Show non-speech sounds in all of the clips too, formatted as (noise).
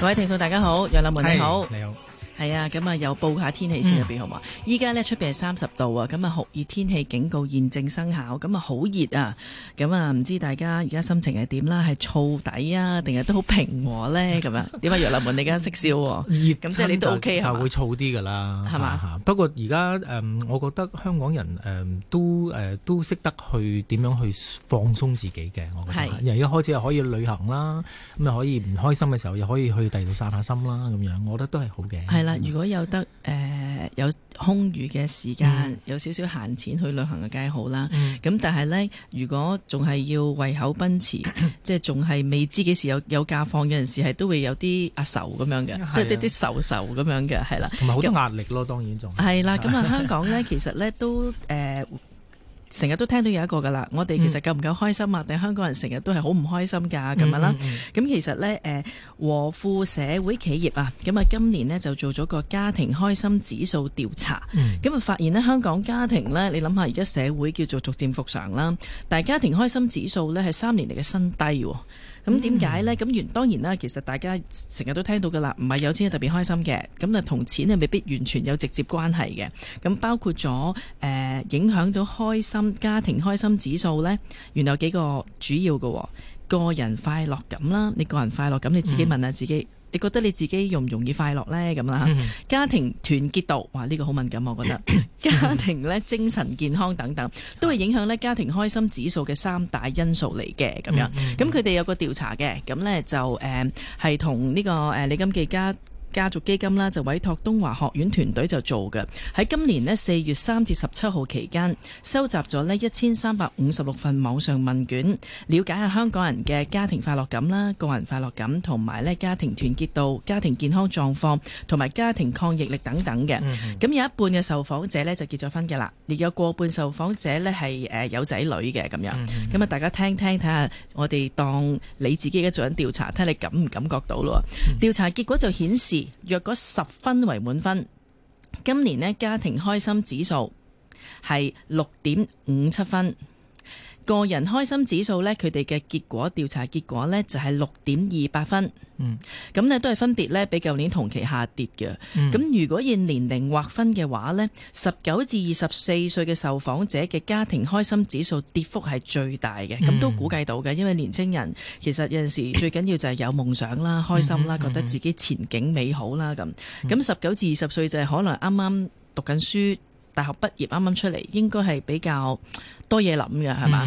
各位聽眾，大家好，楊立文，你好 Hey, 你好。係啊，咁啊又報下天氣先，入面好嘛？依家、嗯、呢，出面係三十度啊，咁啊酷熱天氣警告現正生效，咁啊好熱啊！咁啊唔知大家而家心情係點啦？係燥底啊，定係都好平和咧？咁 (laughs) 就啊，點解？楊立文你而家識笑喎，熱咁即係你都 OK 嚇，會燥啲㗎啦，係嘛吧、啊、不過而家誒，我覺得香港人誒、嗯、都、呃、都識得去點樣去放鬆自己嘅，我覺得，而家是開始又可以旅行啦，咁啊可以唔開心嘅時候又可以去第二度散下心啦，咁樣我覺得都係好嘅。如果有得誒、呃、有空餘嘅時間，嗯、有少少閒錢去旅行嘅梗係好啦。咁、嗯、但係呢，如果仲係要為口奔馳， (laughs) 即係仲係未知幾時有有假放，有陣時係都會有啲阿愁咁樣嘅，都啲啲愁愁咁樣嘅，係啦，咁咪好多壓力咯，當然仲係啦。咁、嗯、啊，香港呢， (laughs) 其實呢都誒。呃成日都聽到有一個噶啦，我哋其實夠唔夠開心啊？定、嗯、香港人成日都係好唔開心噶咁樣啦。咁、嗯嗯嗯、其實呢，和富社會企業啊，咁啊今年呢就做咗個家庭開心指數調查，咁啊、嗯嗯、發現呢，香港家庭呢，你諗下而家社會叫做逐漸復常啦，但係家庭開心指數呢，係三年嚟嘅新低。咁點解呢？咁原當然啦，其實大家成日都聽到噶啦，唔係有錢係特別開心嘅，咁啊同錢係未必完全有直接關係嘅。咁包括咗、呃、影響到開心家庭開心指數呢，原來有幾個主要嘅、哦、個人快樂感啦，你個人快樂感你自己問下自己。嗯你覺得你自己容唔容易快樂呢？咁啦，家庭團結度，哇，呢、呢個好敏感，我覺得家庭咧、精神健康等等，都係影響咧家庭開心指數嘅三大因素嚟嘅咁樣。咁佢哋有個調查嘅，咁呢，就誒係同呢個誒、呃、李錦記家。家族基金啦，就委託東華學院團隊就做嘅。喺今年呢四月三至十七號期間，收集咗呢一千三百五十六份網上問卷，了解下香港人嘅家庭快樂感啦、個人快樂感同埋咧家庭團結度、家庭健康狀況同埋家庭抗疫力抗逆力等等嘅。咁 (laughs) 有一半嘅受訪者呢就結咗婚嘅啦，而有過半受訪者呢係誒有仔女嘅咁樣。咁啊， (laughs) 大家聽聽睇下，看看我哋當你自己而家做緊調查，睇下你感唔感覺到咯？調 (laughs) 查結果就顯示。若果十分為滿分，今年呢家庭開心指數係六點五七分。個人開心指數咧，佢哋嘅結果調查結果咧就係六點二八分，咁呢、嗯、都係分別咧比舊年同期下跌嘅。咁、嗯、如果以年齡劃分嘅話咧，十九至二十四歲嘅受訪者嘅家庭開心指數跌幅係最大嘅。咁、嗯、都估計到嘅，因為年青人其實有陣時 (coughs) 最緊要就係有夢想啦、開心啦、嗯嗯嗯嗯覺得自己前景美好啦咁。咁十九至二十歲就係可能啱啱讀緊書。大學畢業啱啱出嚟，應該係比較多嘢諗嘅，係嘛？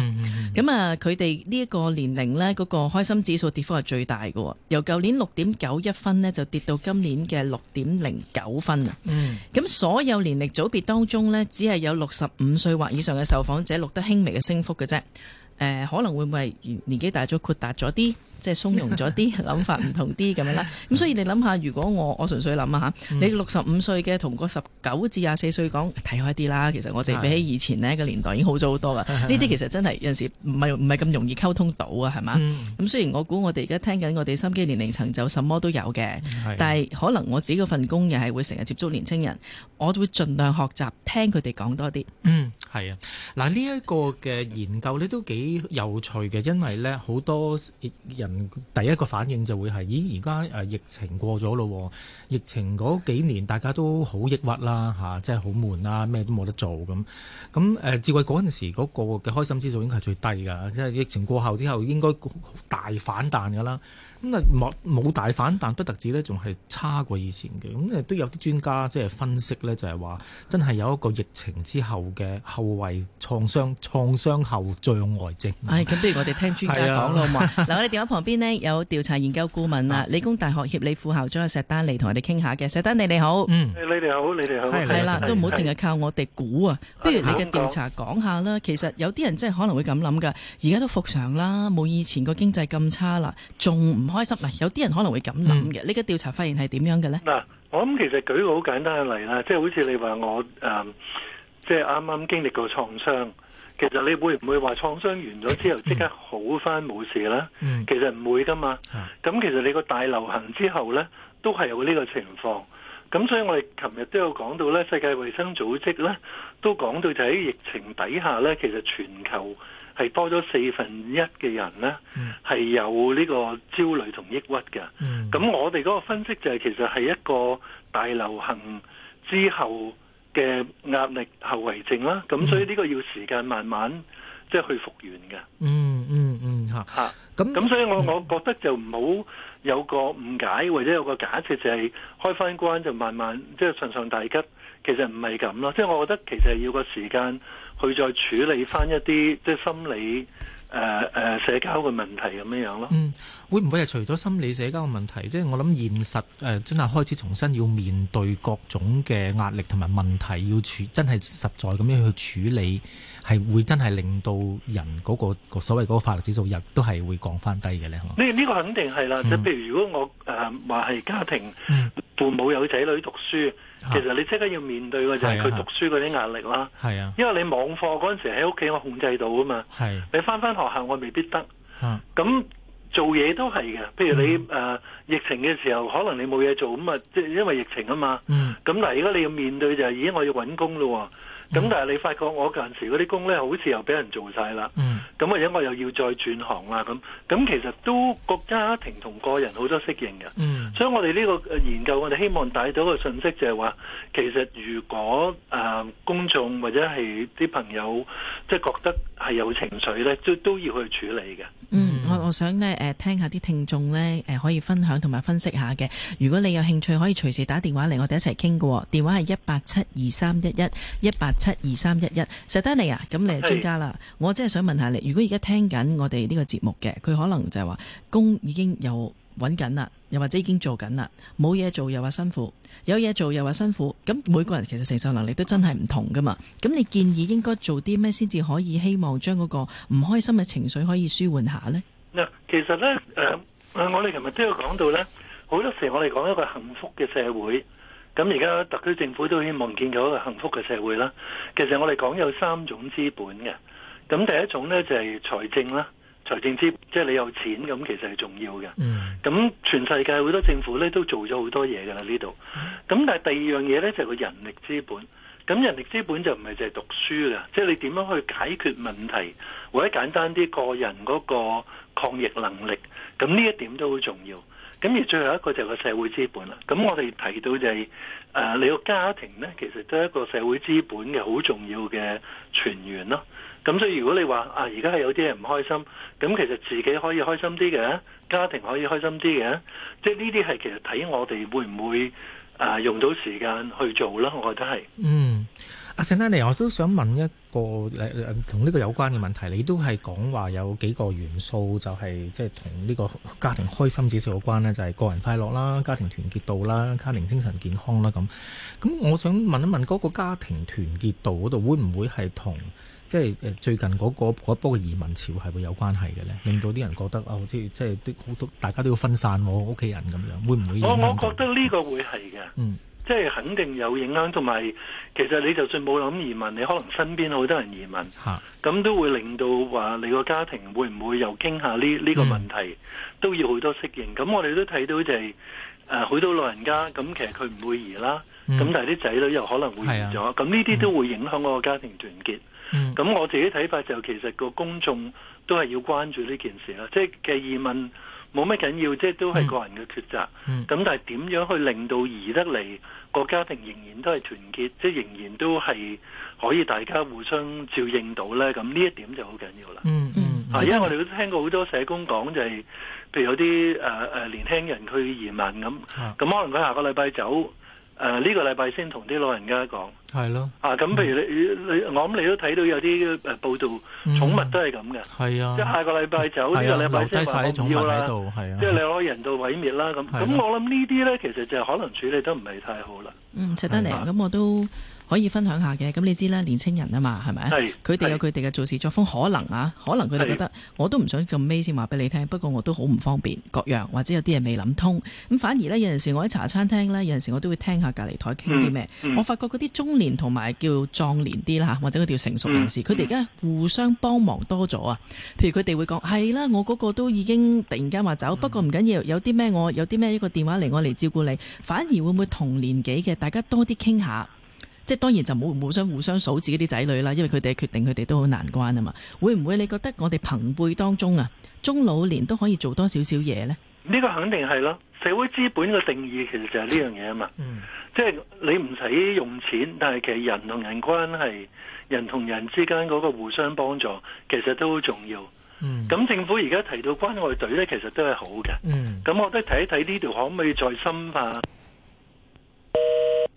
咁啊、mm，佢哋呢一個年齡呢，嗰、嗰個開心指數跌幅係最大喎。由舊年六點九一分呢，就跌到今年嘅六點零九分啊。咁、mm hmm. 所有年齡組別當中呢，只係有六十五歲或以上嘅受訪者錄得輕微嘅升幅嘅啫、呃。可能會唔會係年紀大咗豁達咗啲？即係鬆容咗啲，諗法唔同啲，唔同啲咁樣啦。咁所以你諗下，如果我我純粹諗啊嚇，你六十五歲嘅同個十九至廿四歲講，睇開啲啦。其實我哋比起以前呢個年代已經好咗好多噶。呢啲 (laughs) 其實真係有陣時唔係唔係咁容易溝通到啊，係嘛？咁、嗯嗯、雖然我估我哋而家聽緊我哋心機年齡層就什麼都有嘅，嗯、但係可能我自己份工又係會成日接觸年青人，我會盡量學習聽佢哋講多啲。嗯，係啊。嗱呢一個嘅研究咧都幾有趣嘅，因為咧好多人。第一個反應就會係咦，而家誒疫情過咗咯，疫情嗰幾年大家都好抑鬱啦，嚇、啊，即係好悶啦，咩都冇得做咁。咁誒，置位嗰陣時嗰個嘅開心指數應該係最低㗎，即係疫情過後之後應該大反彈㗎啦。咁啊冇大反，但不特止呢仲係差過以前嘅。咁都有啲專家即係分析呢，就係話真係有一個疫情之後嘅後遺創傷，創傷後障礙症。唉、哎，咁不如我哋聽專家講啦嘛。嗱的，我哋電話旁邊呢，有調查研究顧問啊， (laughs) 理工大學協理副校長石丹理同我哋傾下嘅。石丹理你好，嗯、你哋好，你哋好，係啦的，都唔好淨係靠我哋估啊。的不如你嘅調查講下啦。其實有啲人真係可能會咁諗噶。而家都復常啦，冇以前個經濟咁差啦，仲唔？開心嗱，有啲人可能會咁諗嘅。呢、嗯、個調查發現係點樣嘅咧？嗱，我諗其實舉個好簡單嘅例啦，即、就、係、是、好似你話我誒，即係啱啱經歷過創傷，其實你會唔會話創傷完咗之後即刻好返冇事啦？嗯、其實唔會㗎嘛。咁其實你個大流行之後咧，都係有呢個情況。咁所以我哋琴日都有講到咧，世界衛生組織咧都講到就喺疫情底下咧，其實全球。係多咗四分一嘅人咧，係、嗯、有呢個焦慮同抑鬱嘅。咁、嗯、我哋嗰個分析就係其實係一個大流行之後嘅壓力後遺症啦。咁、嗯、所以呢個要時間慢慢即係、即係、去復原嘅，嗯。嗯嗯嗯，嚇嚇。咁咁所以我我覺得就唔好有個誤解或者有個假設就係開返關就慢慢即係順順大吉。其實唔係咁咯，即係我覺得其實要個時間去再處理翻一啲即係心理誒誒、呃、社交嘅問題咁樣樣咯。嗯，會唔會係除咗心理社交嘅問題，即係我諗現實誒、呃、真係開始重新要面對各種嘅壓力同埋問題，要處真係實在咁樣去處理，係會真係令到人，那個所謂的個所謂嗰個快樂指數亦都係會降翻低嘅咧？呢呢個肯定係啦，嗯、即係譬如，如果我誒話係家庭父母有仔女讀書。嗯其實你即刻要面對嘅就係、是、佢讀書嗰啲壓力啦，啊啊、因為你網課嗰陣時喺屋企我控制到啊嘛，啊你翻返學校我未必得，咁、啊、做嘢都係嘅，譬如你誒、嗯呃、疫情嘅時候可能你冇嘢做咁啊，即係因為疫情啊嘛，咁、嗯、但係如果你要面對就已經我要揾工咯喎。咁但係你發覺我嗰陣時嗰啲工咧，好似又俾人做晒啦。咁或者我又要再轉行啦。咁咁其實都個家庭同個人好多適應嘅。所以我哋呢個研究，我哋希望帶到個信息就係話，其實如果誒公眾或者係啲朋友即係覺得係有情緒咧，都都要去處理嘅。嗯，我我想咧誒聽下啲聽眾咧誒可以分享同埋分析下嘅。如果你有興趣，可以隨時打電話嚟我哋一齊傾嘅。電話係一八七二三一一一八。七二三一一，石丹理啊，咁你係專家啦，是我真係想問下你，如果而家聽緊我哋呢個節目嘅，佢可能就係話工已經又揾緊啦，又或者已經做緊啦，冇嘢做又話辛苦，有嘢做又話辛苦，咁每個人其實承受能力都真係唔同噶嘛咁你建議應該做啲咩先至可以希望將嗰個唔開心嘅情緒可以舒緩下呢？嗱，其實咧，誒、呃，我哋尋日都有講到咧，好多時我哋講一個幸福嘅社會。咁而家特區政府都希望建構一個幸福嘅社會啦。其實我哋講有三種資本嘅，咁第一種咧就係財政啦，財政資本即係你有錢，咁其實係重要嘅。咁全世界好多政府咧都做咗好多嘢噶啦呢度。咁但係第二樣嘢咧就係個人力資本。咁人力資本就唔係淨係讀書㗎，即係你點樣去解決問題，或者簡單啲個人嗰個抗疫能力。咁呢一點都好重要。咁而最後一個就係個社會資本啦。咁我哋提到就係誒你個家庭咧，其實都係一個社會資本嘅好重要嘅傳源咯。咁所以如果你話啊，而家係有啲人唔開心，咁其實自己可以開心啲嘅，家庭可以開心啲嘅，即係呢啲係其實睇我哋會唔會誒用到時間去做咯。我覺得係嗯。石丹理，我都想問一個同呢個有關嘅問題，你都係講話有幾個元素就係即係同呢個家庭開心指數有關咧，就係、是、個人快樂啦、家庭團結度啦、家庭精神健康啦咁。咁我想問一問嗰個家庭團結度嗰度會唔會係同即係最近嗰、那個嗰一波嘅移民潮係會有關係嘅咧？令到啲人覺得啊、哦，即係即都好多大家都要分散我屋企人咁樣，會唔會，會？我我覺得呢個會係嘅。嗯。即係肯定有影響，同埋其實你就算冇諗移民，你可能身邊好多人移民，咁都會令到話你個家庭會唔會又傾下呢呢、呢個問題，嗯、都要好多適應。咁我哋都睇到就係誒好多老人家，咁其實佢唔會移啦，咁、嗯、但係啲仔女又可能會移咗，咁呢啲都會影響我個家庭團結。咁、嗯、我自己睇法就其實個公眾都係要關注呢件事啦，即係嘅移民。冇咩緊要，即係都係個人嘅抉擇。咁、嗯嗯、但係點樣去令到移得嚟個家庭仍然都係團結，即係仍然都係可以大家互相照應到呢？咁呢一點就好緊要啦、嗯。嗯嗯，因為我哋都聽過好多社工講，就係、是、譬如有啲誒、呃呃、年輕人佢移民咁，咁、嗯、可能佢下個禮拜走。誒呢個禮拜先同啲老人家講係咯，啊咁譬如你你我諗你都睇到有啲誒報道，寵物都係咁嘅，係啊，即係下個禮拜走，呢個禮拜寵物喺度要啦，即係你攞人道毀滅啦咁，咁我諗呢啲咧其實就可能處理得唔係太好啦。嗯，謝得你。咁我都。可以分享下嘅咁，你知啦，年青人啊嘛，係咪？佢哋有佢哋嘅做事作風。是可能啊，可能佢哋覺得是我都唔想咁尾先話俾你聽。不過我都好唔方便，各樣或者有啲嘢未諗通。咁反而呢，有陣時我喺茶餐廳呢，有陣時我都會聽下隔離台傾啲咩。嗯嗯、我發覺嗰啲中年同埋叫壯年啲啦，或者嗰啲成熟人士，佢哋而家互相幫忙多咗啊。譬如佢哋會講係啦，我嗰個都已經突然間話走，嗯、不過唔緊要。有啲咩我有啲咩一個電話嚟，我嚟照顧你。反而會唔會同年紀嘅大家多啲傾下？即係當然就冇互相互相數自己啲仔女啦，因為佢哋決定佢哋都好難關啊嘛。會唔會你覺得我哋朋輩當中啊，中老年都可以做多少少嘢呢？呢個肯定係咯。社會資本嘅定義其實就係呢樣嘢啊嘛。嗯，即係你唔使用，用錢，但係其實人同人關係，人同人之間嗰個互相幫助，其實都好重要。嗯。咁政府而家提到關愛隊呢，其實都係好嘅。嗯。咁我覺得睇一睇呢條可唔可以再深化？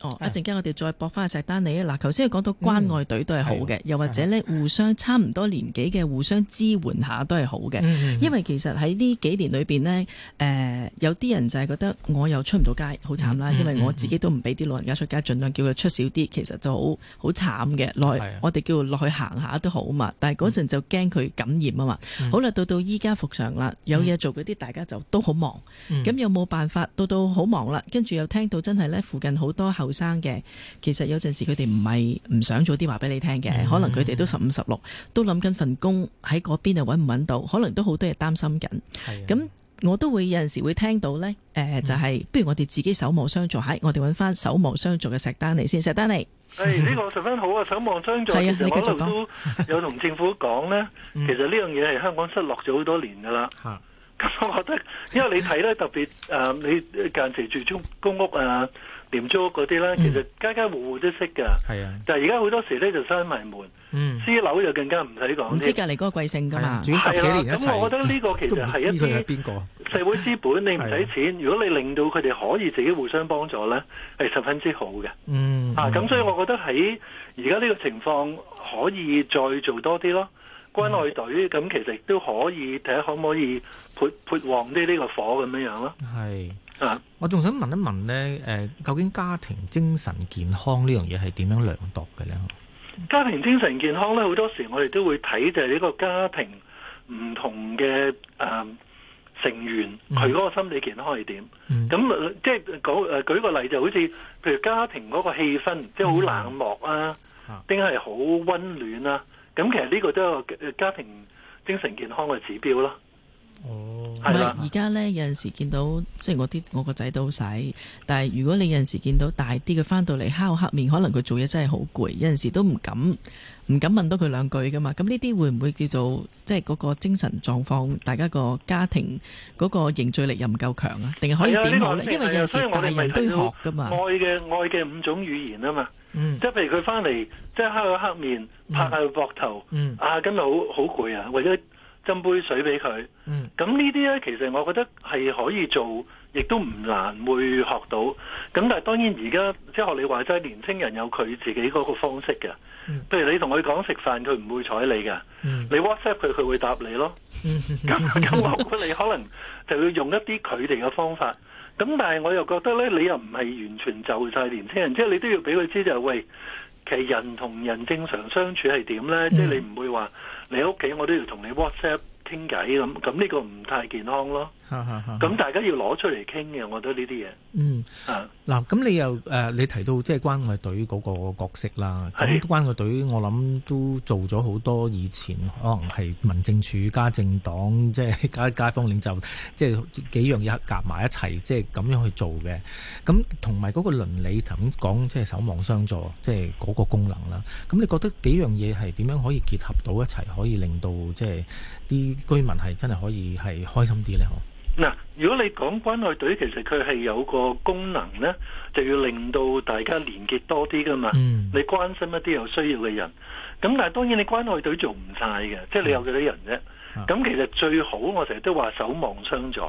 哦，一陣間我哋再駁翻去石丹理啊！嗱，頭先講到關愛隊都係好嘅，嗯、又或者咧互相差唔多年紀嘅互相支援下都係好嘅，嗯嗯、因為其實喺呢幾年裏邊呢，誒、呃、有啲人就係覺得我又出唔到街，好慘啦！嗯嗯嗯、因為我自己都唔俾啲老人家出街，儘、嗯、量叫佢出少啲，其實就好好慘嘅。落我哋叫落去行下都好嘛，但係嗰陣就驚佢感染啊嘛。嗯、好啦，到到依家復常啦，有嘢做嗰啲大家就都好忙，咁、嗯、有冇辦法？到到好忙啦，跟住又聽到真係咧，附近好多後生嘅，其實有陣時佢哋唔係唔想早啲話俾你聽嘅，可能佢哋都十五十六，都諗緊份工喺嗰邊又穩唔穩到，可能都好多嘢擔心緊。咁我都會有陣時會聽到咧，誒，就係不如我哋自己守望相助，係我哋揾翻守望相助嘅石丹理先，石丹理。誒，呢個十分好啊，守望相助，你繼續講，我都有同政府講咧，其實呢樣嘢係香港失落咗好多年噶啦。咁， (laughs) 我覺得因為你睇咧，特別誒、呃，你間接住租公屋啊、呃、廉租屋嗰啲呢，其實家家戶戶都識噶。啊、嗯，但係而家好多時咧就閂埋門。嗯，私樓就更加唔使講。唔知隔籬嗰個貴姓噶嘛？係啊。咁、啊、我覺得呢個其實係一啲社會資本，你唔使錢。嗯嗯、如果你令到佢哋可以自己互相幫助咧，係十分之好嘅、嗯。嗯。咁、啊、所以我覺得喺而家呢個情況可以再做多啲咯。嗯、關愛隊，咁其實亦都可以睇下可唔可以潑潑旺啲呢個火，咁樣樣咯。係是啊，我仲想問一問咧，誒、呃，究竟家庭精神健康呢樣嘢，係點樣量度嘅咧？家庭精神健康咧，好多時我哋都會睇就係呢個家庭唔同嘅，誒、呃、成員佢嗰個心理健康係點。咁即係舉，誒、呃，舉個例就好似，譬如家庭嗰個氣氛即係好冷漠啊，定係好溫暖啊？咁其實呢個都係家庭精神健康嘅指標咯。哦吧，係而家呢，有陣時見到，即係我啲我個仔都好使，但係如果你有陣時見到大啲嘅翻到嚟敲黑面，可能佢做嘢真係好攰，有陣時都唔敢唔敢問多佢兩句噶嘛。咁呢啲會唔會叫做即係嗰個精神狀況？大家個家庭嗰個凝聚力又唔夠強啊？定係可以點講呢？啊、因為有時大人都會學愛嘅愛嘅五種語言啊嘛。即係譬如佢翻嚟，即係黑個黑面，拍下佢膊頭，嗯，啊，今日好好攰啊，或者斟杯水俾佢，嗯，咁呢啲咧，其實我覺得係可以做，亦都唔難會學到。咁但係當然而家即係學你話齋，年青人有佢自己嗰個方式嘅。嗯、譬如你同佢講食飯，佢唔會睬你嘅，嗯、你 WhatsApp 佢，佢會答你咯。咁咁， (laughs) (laughs) 我估你可能就要用一啲佢哋嘅方法。咁但係我又覺得咧，你又唔係完全就晒年輕人，即係你都要俾佢知就係喂，其實人同人正常相處係點咧？即係你唔會話你喺屋企我都要同你 WhatsApp 傾偈咁，咁呢個唔太健康咯。咁、啊啊、大家要攞出嚟傾嘅，我覺得呢啲嘢嗯嗱，咁、啊、你又誒、呃？你提到即係關愛隊嗰個角色啦，咁是關愛隊，我諗都做咗好多。以前可能係民政處、家政黨，即係街街坊領袖，即、就、係、是、幾樣嘢夾埋一齊，即係咁樣去做嘅。咁同埋嗰個倫理，頭先講即係守望相助，即係嗰個功能啦。咁你覺得幾樣嘢係點樣可以結合到一齊，可以令到即係啲居民係真係可以係開心啲呢？嗱，如果你講關愛隊，其實佢係有個功能咧，就要令到大家連結多啲噶嘛。嗯、你關心一啲有需要嘅人，咁但係當然你關愛隊做唔晒嘅，即係、嗯、你有幾多人啫。咁、嗯、其實最好我成日都話守望相助，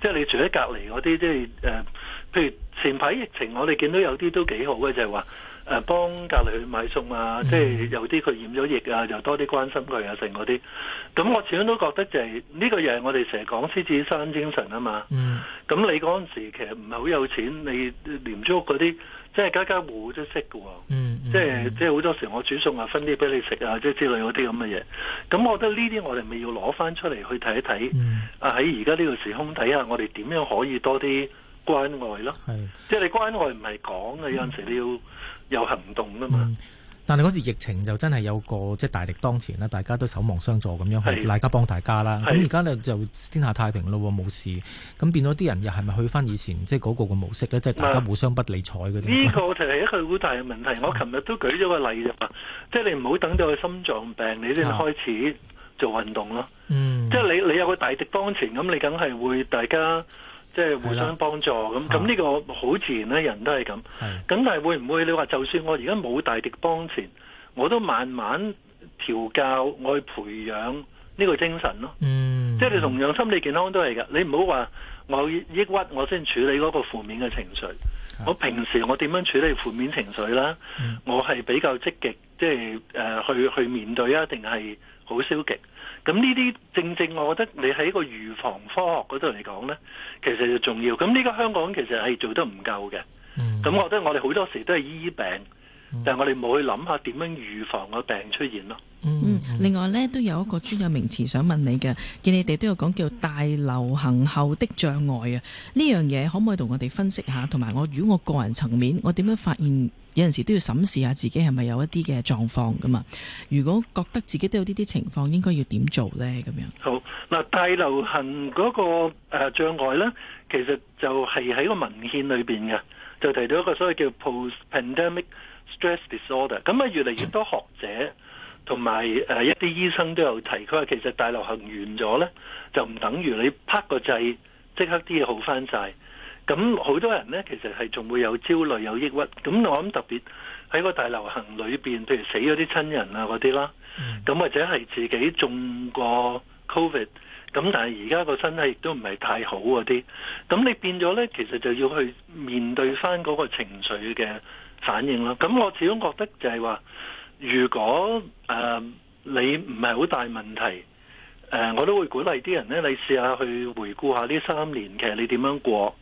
即係、嗯、你住喺隔離嗰啲，即係誒、譬如前排疫情，我哋見到有啲都幾好嘅，就係、是、話。誒，幫、啊、隔籬去買餸啊，mm hmm. 即係有啲佢染咗疫啊，又多啲關心佢啊，剩嗰啲。咁我始終都覺得就係、是、呢、這個嘢，我哋成日講獅子山精神啊嘛。咁、mm hmm. 嗯、你嗰陣時其實唔係好有錢，你廉租屋嗰啲，即係家家戶戶都識嘅、啊 mm hmm.。即係即係好多時候我煮餸啊，分啲俾你食啊，即係之類嗰啲咁嘅嘢。咁我覺得呢啲我哋咪要攞翻出嚟去睇一睇。啊、mm，喺而家呢個時空睇下，我哋點樣可以多啲關愛咯。是即係你關愛唔係講嘅，mm hmm. 有陣時你要。有行動啊嘛！嗯、但係嗰時疫情就真係有個即、就是、大敵當前啦，大家都守望相助咁樣，係是大家幫大家啦。咁而家呢，就天下太平咯，冇事。咁變咗啲人又係咪去翻以前即係嗰個嘅模式呢，即、就、係、是、大家互相不理睬嗰啲。呢是個就係一個好大嘅問題。我尋日都舉咗個例啫，即係你唔好等到佢心臟病你先開始做運動咯。是嗯，即係你你有個大敵當前，咁你梗係會大家。即係互相幫助咁，咁呢的個好自然呢、啊、人都係咁。咁的但係會唔會你話就算我而家冇大敵幫前，我都慢慢調教我去培養呢個精神咯。嗯、即係你同樣心理健康都係㗎，你唔好話我抑鬱，我先處理嗰個負面嘅情緒。的我平時我點樣處理負面情緒啦？嗯、我係比較積極，即係、呃、去去面對啊，定係好消極？咁呢啲正正，我覺得你喺一個預防科學嗰度嚟講呢，其實就重要。咁呢個香港其實係做得唔夠嘅。咁、嗯、我覺得我哋好多時都係醫病，嗯、但係我哋冇去諗下點樣預防個病出現咯。嗯，另外呢，都有一個專有名詞想問你嘅，見你哋都有講叫大流行後的障礙啊。呢樣嘢可唔可以同我哋分析下？同埋我如果我個人層面，我點樣發現？有陣時都要審視下自己係咪有一啲嘅狀況噶嘛？如果覺得自己都有呢啲情況，應該要點做呢？咁樣好嗱，大流行嗰個誒障礙呢，其實就係喺個文獻裏邊嘅，就提到一個所謂叫 post-pandemic stress disorder。咁啊，越嚟越多學者同埋誒一啲醫生都有提，佢話其實大流行完咗呢，就唔等於你啪個掣，即刻啲嘢好翻晒。咁好多人呢，其實係仲會有焦慮、有抑鬱。咁我諗特別喺個大流行裏面，譬如死咗啲親人啊嗰啲啦，咁或者係自己中過 Covid。咁但係而家個身體亦都唔係太好嗰啲。咁你變咗呢，其實就要去面對翻嗰個情緒嘅反應啦。咁我始終覺得就係話，如果誒你唔係好大問題，我都會鼓勵啲人呢：你試下去回顧下呢三年，其實你點樣過？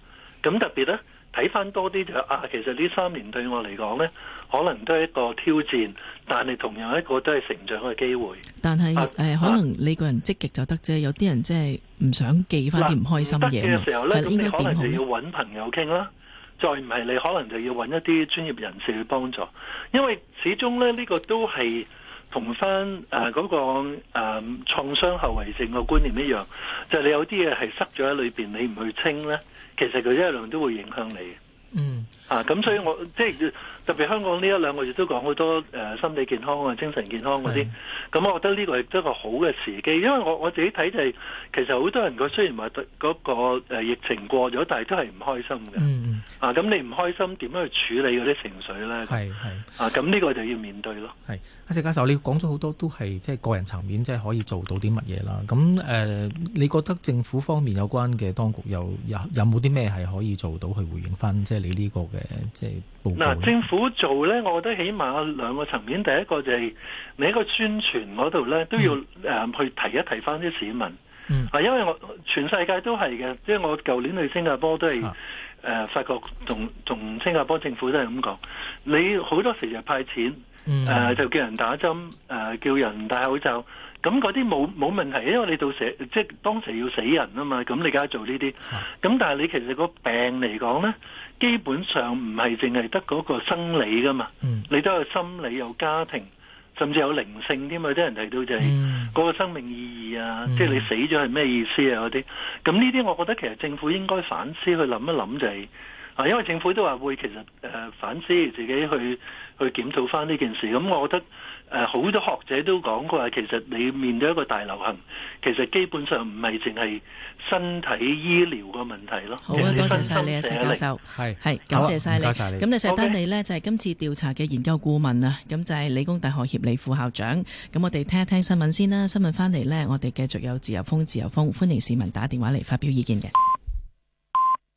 咁特別咧，睇翻多啲就啊，其實呢三年對我嚟講呢，可能都係一個挑戰，但係同樣一個都係成長嘅機會。但係誒、啊、可能你個人積極就得啫，有啲人即係唔想記翻啲唔開心嘅、啊、唔得嘅時候呢，應該點，可能就要揾朋友傾啦，再唔係你可能就要揾一啲專業人士去幫助，因為始終呢，呢、呢個都係。同翻誒嗰個創傷後遺症嘅觀念一樣，就係你有啲嘢係塞咗喺裏邊，你唔去清咧，其實佢一樣都會影響你。嗯，啊，咁所以我即係。特別香港呢一兩個月都講好多誒心理健康啊、精神健康嗰啲，咁是我覺得呢個亦都係好嘅時機，因為我我自己睇就係、是、其實好多人佢雖然話嗰個疫情過咗，但係都係唔開心嘅。嗯嗯。啊，咁你唔開心點樣去處理嗰啲情緒咧？係係。啊，咁呢個就要面對咯。係，阿石教授，你講咗好多都係即係個人層面，即係可以做到啲乜嘢啦？咁誒、呃，你覺得政府方面有關嘅當局有有有冇啲咩係可以做到去回應翻即係你呢個嘅即係嗱、啊，政府做咧，我覺得起碼兩個層面，第一個就係你一個宣傳嗰度咧，都要、嗯呃、去提一提翻啲市民。嗯、因為我全世界都係嘅，即、就、係、是、我舊年去新加坡都係誒發覺，同、啊呃、從、從新加坡政府都係咁講，你好多時就派錢、嗯呃，就叫人打針，呃、叫人戴口罩。咁嗰啲冇冇問題，因為你到時即係當時要死人啊嘛，咁你梗係做呢啲，咁但係你其實個病嚟講咧，基本上唔係淨係得嗰個生理噶嘛，你都有心理有家庭，甚至有靈性添嘛，啲人提到就係個生命意義啊，即係你死咗係咩意思啊嗰啲，咁呢啲我覺得其實政府應該反思去諗一諗就係，啊，因為政府都話會其實誒反思自己去去檢討翻呢件事，咁我覺得。呃，好多學者都講過，其實你面對一個大流行，其實基本上唔係淨係身體醫療嘅問題咯。好啊，多謝晒你啊，石教授，係係是，感謝晒你。咁你，你石丹理呢，Okay 就係今次調查嘅研究顧問啊，咁就係理工大學協理副校長。咁我哋聽一聽新聞先啦。新聞翻嚟呢，我哋繼續有自由風，自由風歡迎市民打電話嚟發表意見嘅。